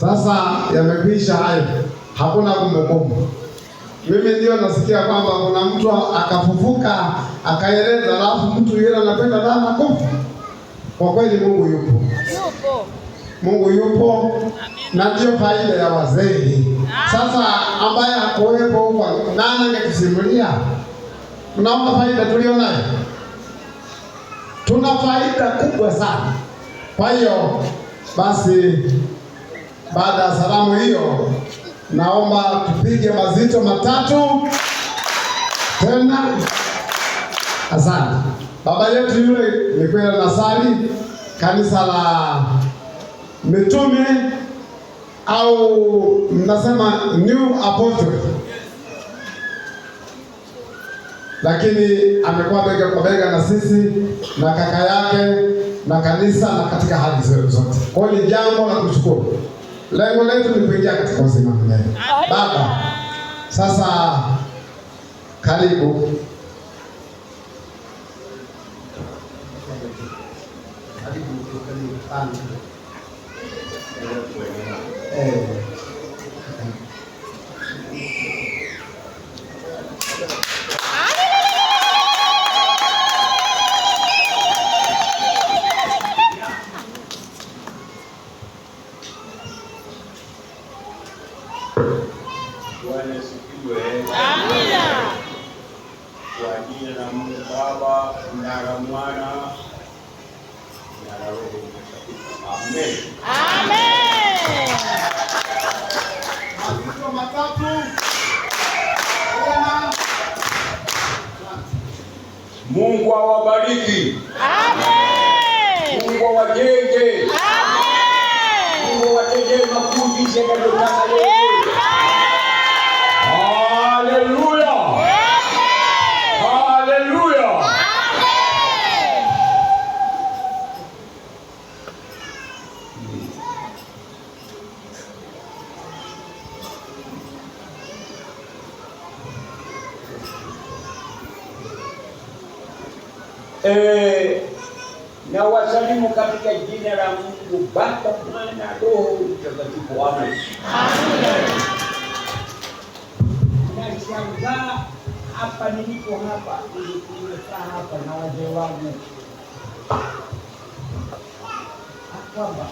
Sasa yamekwisha hayo, hakuna kumbukumbu. Mimi ndio nasikia kwamba kuna mtu akafufuka akaeleza, alafu mtu yule anapenda dana kufa. Kwa kweli Mungu yupo, Mungu yupo, na ndio faida ya wazee. Ah. Sasa ambaye hakuwepo huko, nani angekusimulia? Mnaona faida tulionayo, tuna faida kubwa sana. Kwa hiyo basi baada ya salamu hiyo, naomba tupige mazito matatu tena. Asante baba yetu yule ni kwenda nasali kanisa la mitume au mnasema new apostle, lakini amekuwa bega kwa bega na sisi na kaka yake na kanisa na katika hali zetu zote. Kwa hiyo jambo la kushukuru. Lengo letu ni kuingia katika uzima milele. Baba, sasa karibu karibu, karibu. Eh. Mungu awabariki. Amen. Mungu awajenge. Amen. Mungu awajenge makundi yanayotakana E, na wasalimu katika jina la Mungu Baba, Mwana, Roho Mtakatifu. Amen. Nashangaa hapa nilipo hapa, nimekaa hapa na wazee wangu ah, kwamba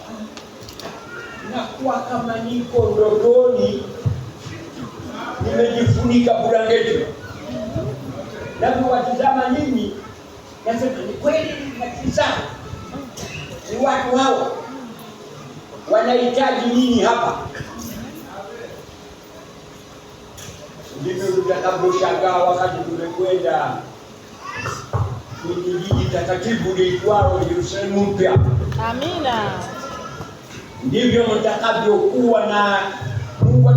nakuwa kama niko ndotoni, nimejifunika blanketi, nami watizama nini nasema ni kweli kisao ni watu hao wanahitaji nini hapa? Ndivyo tutakavyoshangaa wakati tumekwenda kwenye jiji takatifu liitwao Yerusalemu mpya. Amina, ndivyo mtakavyokuwa na Mungu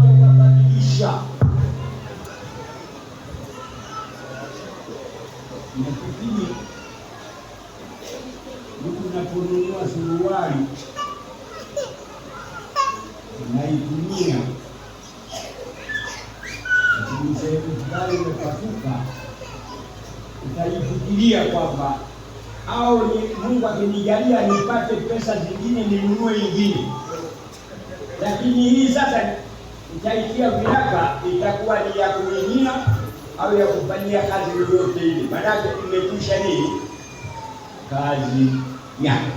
naitumia lakini sehemu fulani imepasuka, utaifikiria kwamba au Mungu akinijalia nipate pesa zingine ninunue ingine, lakini hii sasa itaitia viraka, itakuwa ni ya kumimia au ya kufanyia kazi yoyote ile, maanake imekwisha nini kazi yako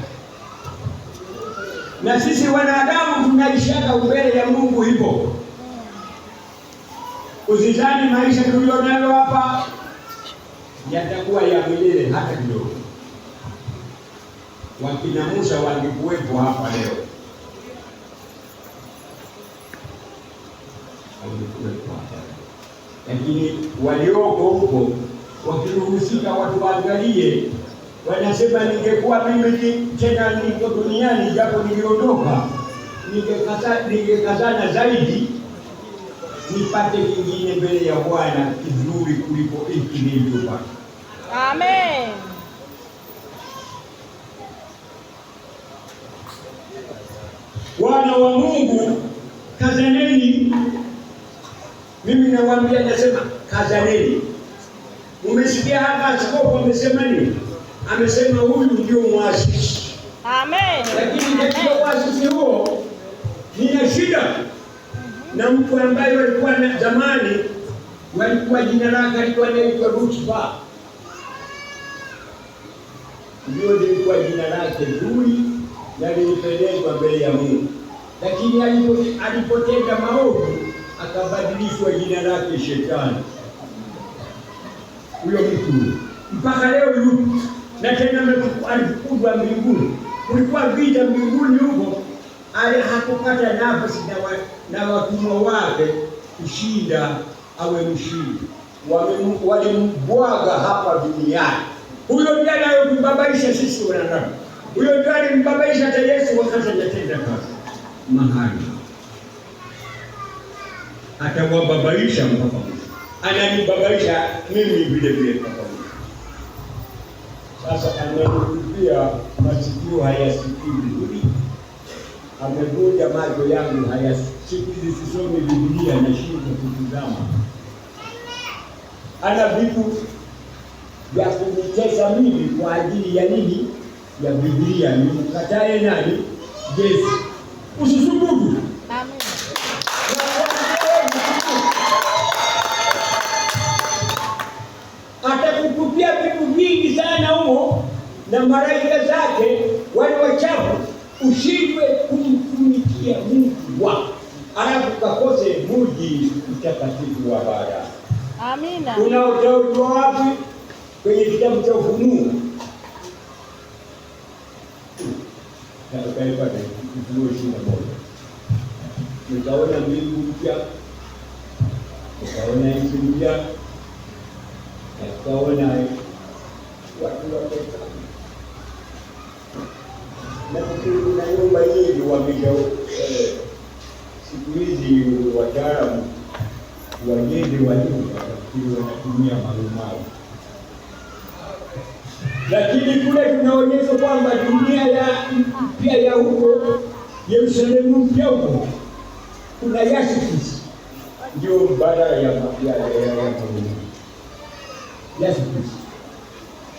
na sisi wanadamu tunaishaka mbele ya Mungu hivyo. Usizani maisha nayo hapa yatakuwa ya milele hata kidogo. Wakina Musa walikuwepo hapa leo, lakini walioko huko wakiruhusika waangalie Wanasema ningekuwa mimi tena niko duniani, japo niliondoka, ningekazana zaidi nipate kingine mbele ya Bwana kizuri kuliko hiki nilivyopata. Amen. Wana wa Mungu, kazaneni. Mimi nawaambia, nasema kazaneni. Umesikia hapa askofu amesema nini? amesema huyu ndio mwasisi. Amen. Lakini katika uasisi huo ya shida na mtu ambaye walikuwa zamani, walikuwa jina lake alikuwa anaitwa Lutfa, ndio lilikuwa jina lake zuri na lilipendezwa mbele ya Mungu, lakini alipotenda maovu akabadilishwa jina lake Shetani. Huyo mtu mpaka leo yupo na tena alifukuzwa mbinguni. Kulikuwa vita mbinguni huko, hakupata nafasi na watumwa wake kushinda awe mshindi, walimbwaga hapa duniani. Huyo ndiye anayetubabaisha sisi wanadamu, huyo ndiye alimbabaisha hata Yesu wakati anatenda kazi mahali, atawababaisha mpaka ananibabaisha mimi vile vile. Sasa ameniibia masikio hayasikii vizuri, amevuja macho yangu hayasikii, sisomi Biblia nashindwa kutizama. Ana vitu vya kunitesa mimi kwa ajili ya nini? Ya Biblia. ni mkatae nani? Yesu. Usisubutu. na malaika zake wale wachafu, ushindwe kumtumikia Mungu wako, alafu kakose muji mtakatifu wa bara. Amina. Unautaujwa wapi? Kwenye kitabu cha Ufunuo taipata Ufunuo ishirini na moja nikaona mbingu mpya, nikaona nchi mpya, nikaona watu wapeka na nyumba hii wamesha siku hizi wataalamu wajenge wa nyumba wanatumia marumaru, lakini kule tunaonyesha kwamba dunia ya mpya ya huko Yerusalemu mpya huko kuna Yasukisi ndio mbadala ya Yasukisi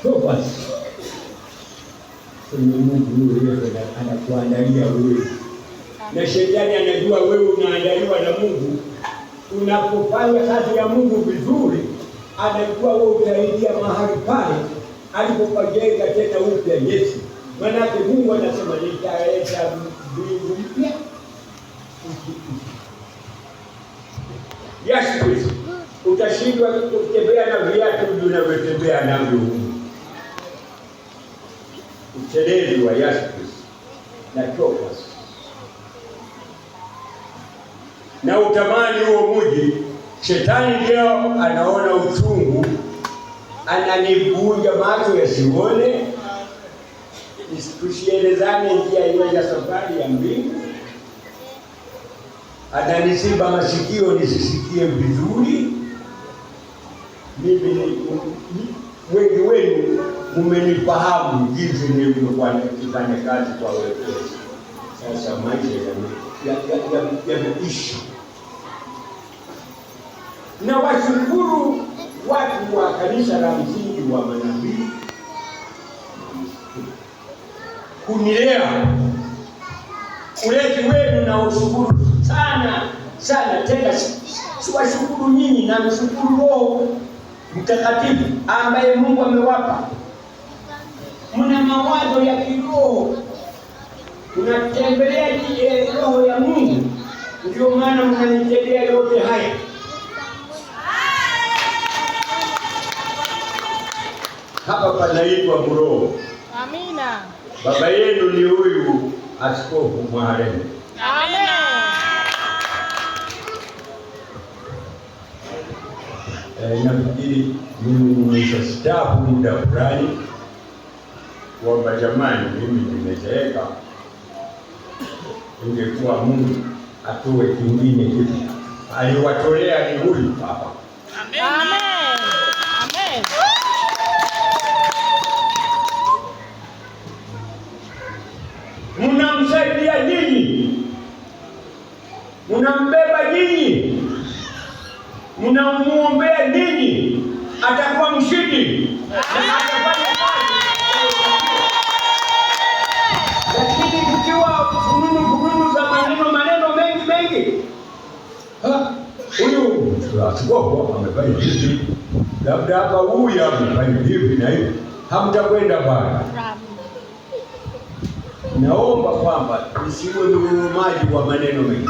sofasi kwenye Mungu huyo anakuandalia wewe, na shetani anajua wewe unaandaliwa na Mungu. Unapofanya kazi ya Mungu vizuri, anajua wewe utaingia mahali pale alipopajenga tena upya Yesu. Manake Mungu anasema nitaleta mbingu mpya Yesu Kristo, utashindwa kutembea na viatu vinavyotembea navyo utelezi wa Yesu na Cleopas, na utamani huo mji. Shetani ndio anaona uchungu, ananivuja macho yasione, tusielezane njia hiyo ya safari ya mbingu, ananisiba masikio nisisikie vizuri. Mimi wengi wenu umenifahamu jinsi nilivyofanya kazi kwa wepesi. Sasa maisha yameisha. Na washukuru watu wa kanisa la msingi wa manabii kunilea ulezi wenu, na ushukuru sana sana tena. Siwashukuru nyinyi, namshukuru Roho Mtakatifu ambaye Mungu amewapa muna mawazo ya kiroho, mnatembelea roho ya Mungu, ndio maana mnanitendea yote haya. Hapa panaitwa Buroho. Amina. Baba yenu ni huyu Askofu Mwarema. Amina. Eh, nafikiri mimi nimeshastaafu muda fulani kwamba jamani, mimi nimezeeka, ingekuwa Mungu atoe kingine kipya. Aliwatolea ni huyu hapa. Amen. labda hapa huyu hapa yaani hivi na hivi, hamtakwenda pale. Naomba kwamba nisiwe mgurumaji wa maneno mengi.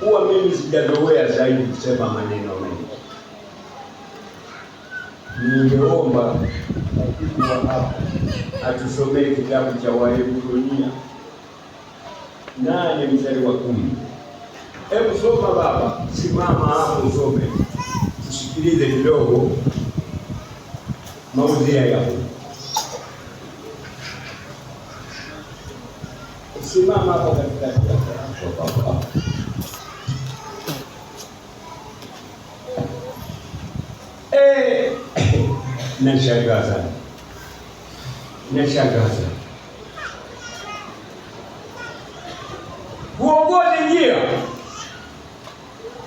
Huwa mimi sijazoea zaidi kusema maneno mengi. Ningeomba akiwa hapa atusomee kitabu cha Waebrania nane mstari wa kumi. Hebu soma baba, simama hapo usome tusikilize kidogo mauzia yao. Simama hapo katikati Eh, nashangaza nashangaza, uongozi njia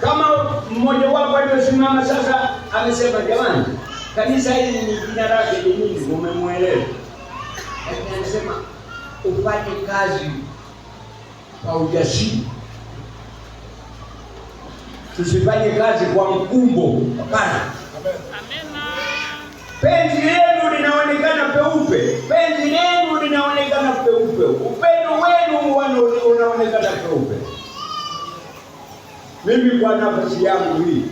kama mmoja wapo aliyosimama sasa amesema, jamani, kanisa hili ni jina lake ni Mungu, umemwelewa. Lakini anasema upate kazi kwa ujasiri, tusifanye kazi kwa mkumbo. Hapana, penzi lenu linaonekana peupe. Mimi kwa nafasi yangu hii,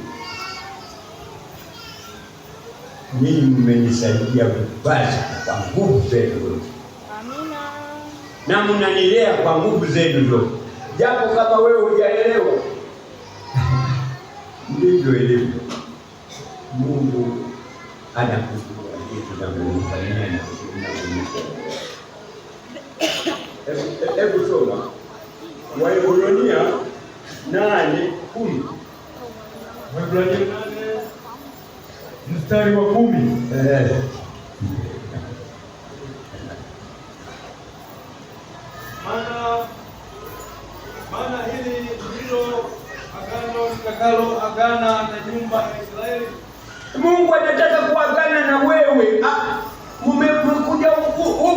ninyi mmenisaidia kubaza kwa nguvu zenu zote, na mnanilea kwa nguvu zenu zote, japo kama wewe hujaelewa ndivyo ilivyo. Mungu anakujua kitu na kumfanyia na kumfanyia. Hebu soma Waebrania nane kumi Waebrania nane mstari wa kumi maana hili ndilo agano litakalo agana na nyumba ya Israeli. Mungu anataka kuagana na wewe. Ah, mmekuja huku,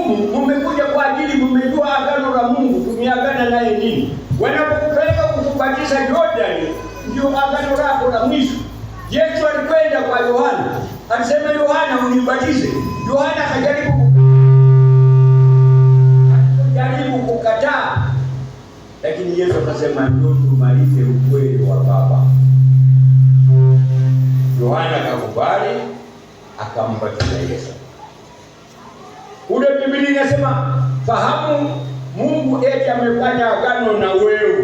mmekuja kwa ajili, mmejua agano la Mungu, tumeagana naye nini? kupatisha Yordani ndio agano lako la mwisho. Yesu alikwenda kwa Yohana, alisema Yohana, unibatize. Yohana akajaribu kujaribu kukataa, lakini Yesu akasema ndio tumalize ukweli wa Baba. Yohana akakubali, akambatiza Yesu. Ule Biblia inasema fahamu Mungu eti amefanya agano na wewe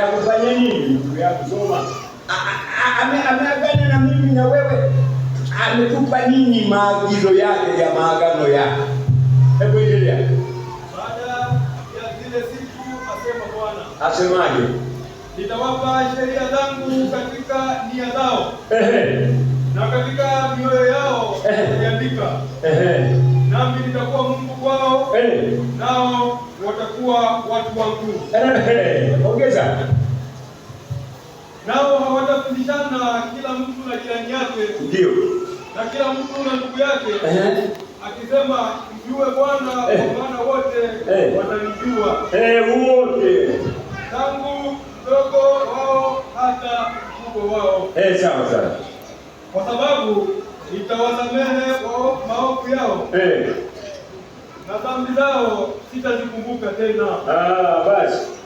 na kufanya nini? Ndugu yangu soma, ameagana na mimi na wewe, ametupa nini maagizo yake ya maagano yake? Hebu endelea. Baada ya zile siku, asema Bwana, asemaje? Nitawapa sheria zangu katika nia zao na katika mioyo yao niandika, nami nitakuwa Mungu kwao, nao watakuwa watu wangu. Ongeza nao hawatafundishana kila mtu na jirani yake, ndio na kila mtu na ndugu yake, akisema mjue Bwana, kwa maana wote watanijua wote, tangu mdogo wao hata mkubwa wao. Sawa sawa, kwa sababu nitawasamehe maovu yao. na dhambi zao sitazikumbuka tena. Ah, basi